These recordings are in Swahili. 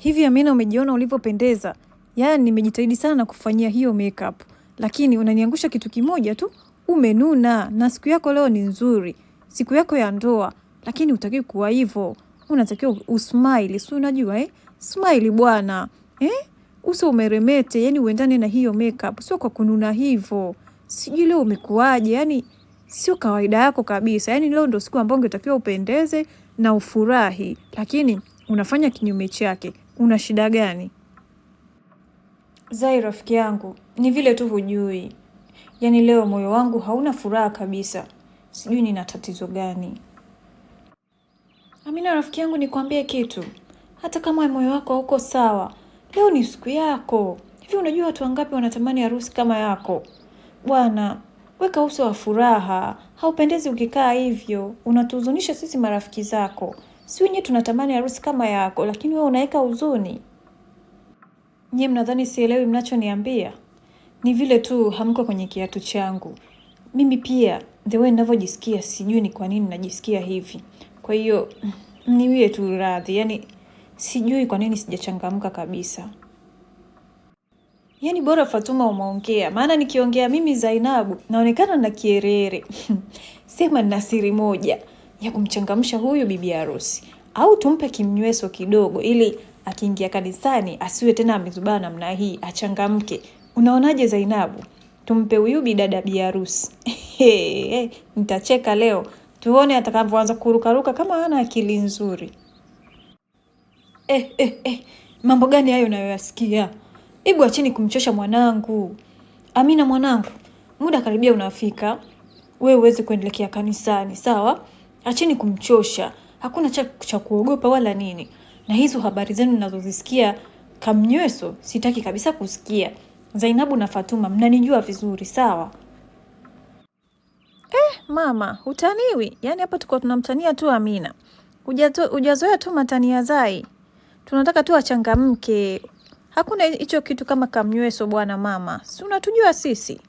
Hivi Amina, umejiona ulivyopendeza? Yaani nimejitahidi sana kufanyia hiyo makeup, lakini unaniangusha kitu kimoja tu, umenuna. Na siku yako leo ni nzuri, siku yako ya ndoa, lakini hutakiwi kuwa hivyo. Unatakiwa usmile, si unajua eh? Smile bwana eh? Uso umeremete, yani uendane na hiyo makeup, sio kwa kununa hivyo. Sijui leo umekuaje, yani sio kawaida yako kabisa. Yani leo ndo siku ambayo ungetakiwa upendeze na ufurahi, lakini unafanya kinyume chake. Una shida gani? Zai rafiki yangu, ni vile tu hujui. Yaani leo moyo wangu hauna furaha kabisa. Sijui nina tatizo gani. Amina rafiki yangu, nikwambie kitu. Hata kama moyo wako hauko sawa, leo ni siku yako. Hivi unajua watu wangapi wanatamani harusi kama yako? Bwana, weka uso wa furaha. Haupendezi ukikaa hivyo, unatuhuzunisha sisi marafiki zako si wenyewe tunatamani harusi kama yako, lakini wewe unaweka huzuni. Nyie mnadhani sielewi mnachoniambia? Ni vile tu hamko kwenye kiatu changu. Mimi pia the way ninavyojisikia, sijui ni kwa nini najisikia hivi. Kwa hiyo mniwie tu radhi, yani sijui kwa nini sijachangamka kabisa. Yaani bora Fatuma umeongea, maana nikiongea mimi Zainabu naonekana na kierere. Sema nina siri moja ya kumchangamsha huyu bibi harusi, au tumpe kimnyweso kidogo, ili akiingia kanisani asiwe tena amezubaa namna hii, achangamke. Unaonaje Zainabu, tumpe huyu bidada bi harusi? Nitacheka leo, tuone atakavyoanza kurukaruka kama hana akili nzuri. Eh, eh, eh, mambo gani hayo unayoyasikia? Hebu acheni kumchosha mwanangu. Amina mwanangu, muda karibia unafika, wewe uweze kuendelekea kanisani, sawa? Acheni kumchosha, hakuna cha, cha kuogopa wala nini. Na hizo habari zenu ninazozisikia kamnyweso, sitaki kabisa kusikia. Zainabu na Fatuma mnanijua vizuri sawa? Eh, mama hutaniwi. Yaani hapa tuko tunamtania tu Amina, hujazoea tu matania zai. Tunataka tu achangamke, hakuna hicho kitu kama kamnyweso bwana. Mama si unatujua sisi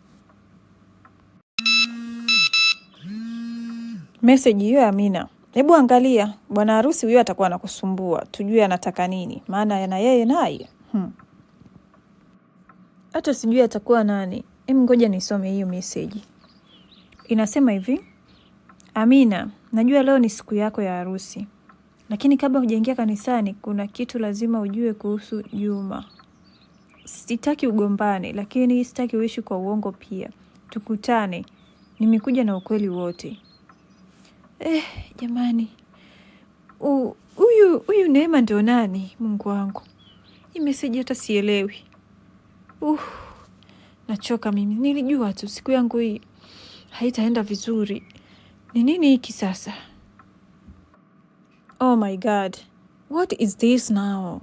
meseji hiyo ya Mina. Hebu angalia bwana harusi huyo atakuwa anakusumbua, tujue anataka nini, maana na yeye naye hmm. hata hmm, sijui atakuwa nani. Em, ngoja nisome hiyo meseji. Inasema hivi: Amina, najua leo ni siku yako ya harusi, lakini kabla hujaingia kanisani, kuna kitu lazima ujue kuhusu Juma. Sitaki ugombane, lakini sitaki uishi kwa uongo pia. Tukutane, nimekuja na ukweli wote. Eh, jamani, huyu huyu Neema ndio nani? Mungu wangu, hii meseji hata sielewi. Uh, nachoka mimi. Nilijua tu siku yangu hii haitaenda vizuri. Ni nini hiki sasa? Oh my God, what is this now?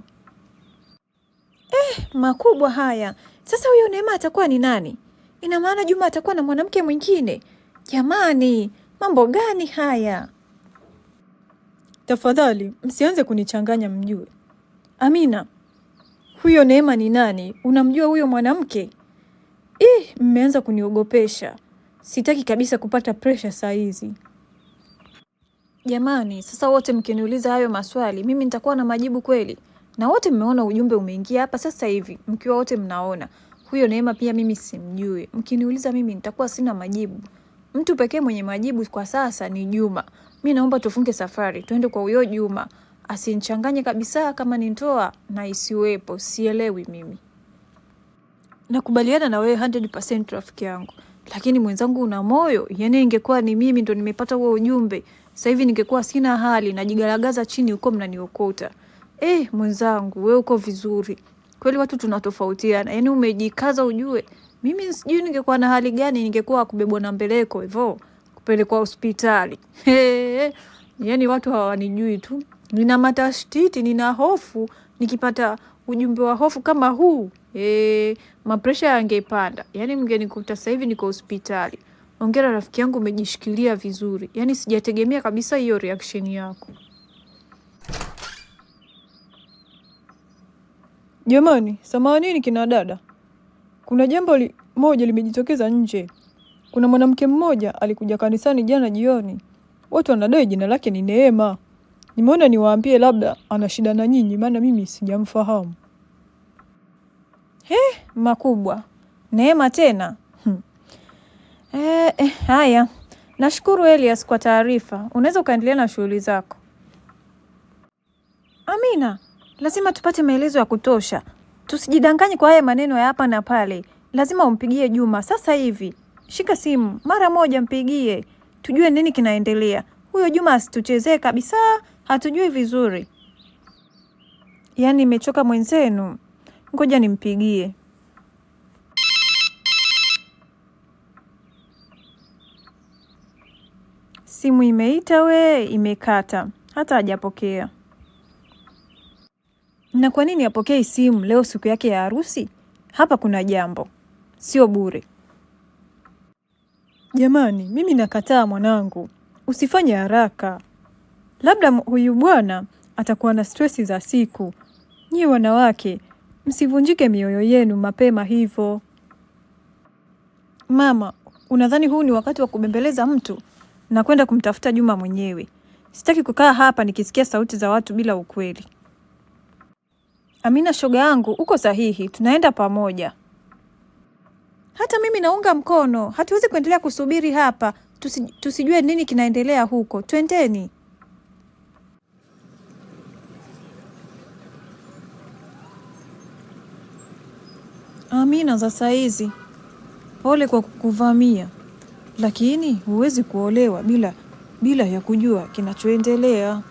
Eh, makubwa haya. Sasa huyo Neema atakuwa ni nani? Ina maana Juma atakuwa na mwanamke mwingine? Jamani, Mambo gani haya? Tafadhali msianze kunichanganya, mjue. Amina, huyo Neema ni nani? Unamjua huyo mwanamke? Ih, mmeanza kuniogopesha. Sitaki kabisa kupata presha saa hizi. Jamani, sasa wote mkiniuliza hayo maswali, mimi nitakuwa na majibu kweli? Na wote mmeona ujumbe umeingia hapa sasa hivi, mkiwa wote mnaona. Huyo Neema pia mimi simjui. Mkiniuliza mimi nitakuwa sina majibu. Mtu pekee mwenye majibu kwa sasa ni Juma. Mi naomba tufunge safari, tuende kwa huyo Juma, asinchanganye kabisa. Kama ni ndoa na isiwepo, sielewi mimi. Nakubaliana na wewe 100% rafiki yangu, lakini mwenzangu, una moyo. Yani ingekuwa ni mimi ndo nimepata huo ujumbe sasa hivi ningekuwa sina hali, najigaragaza chini huko, mnaniokota. Eh, mwenzangu, we uko vizuri kweli. Watu tunatofautiana, yaani umejikaza ujue mimi sijui ningekuwa na hali gani ningekuwa kubebwa na mbeleko hivyo kupelekwa hospitali. yani watu hawanijui tu, nina matashtiti, nina hofu. Nikipata ujumbe wa hofu kama huu e, mapresha yangepanda. Yaani mgenikuta sasa hivi niko hospitali. ongera rafiki yangu, umejishikilia vizuri. Yaani sijategemea kabisa hiyo reaction yako. Jamani, samahani kina dada. Kuna jambo li, moja limejitokeza nje. Kuna mwanamke mmoja alikuja kanisani jana jioni, watu wanadai jina lake ni Neema. Nimeona niwaambie, labda ana shida na nyinyi, maana mimi sijamfahamu. He, eh, makubwa! Neema tena? Hmm. E, e, haya, nashukuru Elias kwa taarifa. Unaweza ukaendelea na shughuli zako. Amina, lazima tupate maelezo ya kutosha Tusijidanganye kwa haya maneno ya hapa na pale, lazima umpigie Juma sasa hivi. Shika simu mara moja, mpigie tujue nini kinaendelea. Huyo Juma asituchezee kabisa, hatujui vizuri. Yaani imechoka mwenzenu, ngoja nimpigie. Simu imeita we, imekata, hata hajapokea. Na kwa nini apokee simu leo siku yake ya harusi? Hapa kuna jambo, sio bure. Jamani, mimi nakataa mwanangu, usifanye haraka, labda huyu bwana atakuwa na stresi za siku. Nyie wanawake msivunjike mioyo yenu mapema hivyo. Mama, unadhani huu ni wakati wa kubembeleza mtu? Nakwenda kumtafuta Juma mwenyewe. Sitaki kukaa hapa nikisikia sauti za watu bila ukweli. Amina, shoga yangu, uko sahihi, tunaenda pamoja. Hata mimi naunga mkono, hatuwezi kuendelea kusubiri hapa tusi, tusijue nini kinaendelea huko. Twendeni. Amina, za saizi, pole kwa kukuvamia, lakini huwezi kuolewa bila bila ya kujua kinachoendelea.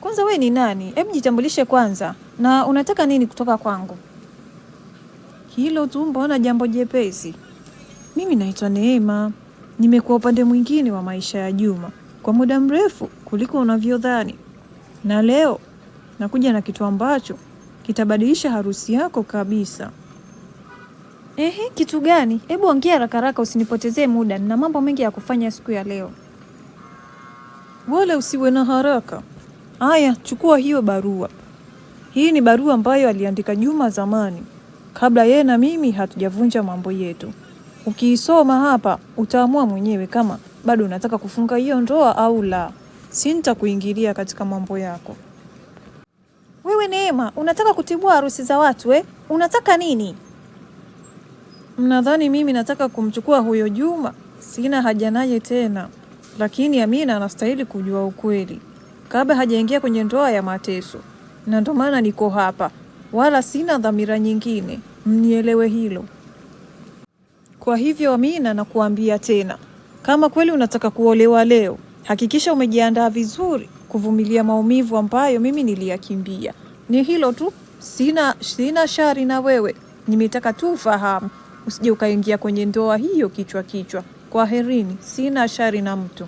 Kwanza we ni nani? Hebu jitambulishe kwanza, na unataka nini kutoka kwangu? Hilo tu mbona jambo jepesi. Mimi naitwa Neema, nimekuwa upande mwingine wa maisha ya Juma kwa muda mrefu kuliko unavyodhani, na leo nakuja na kitu ambacho kitabadilisha harusi yako kabisa. Ehe, kitu gani? Hebu ongea haraka haraka, usinipotezee muda, nina mambo mengi ya kufanya siku ya leo. Wala usiwe na haraka. Aya, chukua hiyo barua. Hii ni barua ambayo aliandika Juma zamani kabla yeye na mimi hatujavunja mambo yetu. Ukiisoma hapa utaamua mwenyewe kama bado unataka kufunga hiyo ndoa au la. Sintakuingilia katika mambo yako. Wewe Neema, unataka kutibua harusi za watu eh? Unataka nini? Mnadhani mimi nataka kumchukua huyo Juma? Sina haja naye tena, lakini Amina anastahili kujua ukweli kabla hajaingia kwenye ndoa ya mateso, na ndio maana niko hapa, wala sina dhamira nyingine, mnielewe hilo. Kwa hivyo Amina, nakuambia tena, kama kweli unataka kuolewa leo, hakikisha umejiandaa vizuri kuvumilia maumivu ambayo mimi niliyakimbia. Ni hilo tu, sina, sina shari na wewe, nimetaka tu ufahamu, usije ukaingia kwenye ndoa hiyo kichwa kichwa. Kwaherini, sina shari na mtu.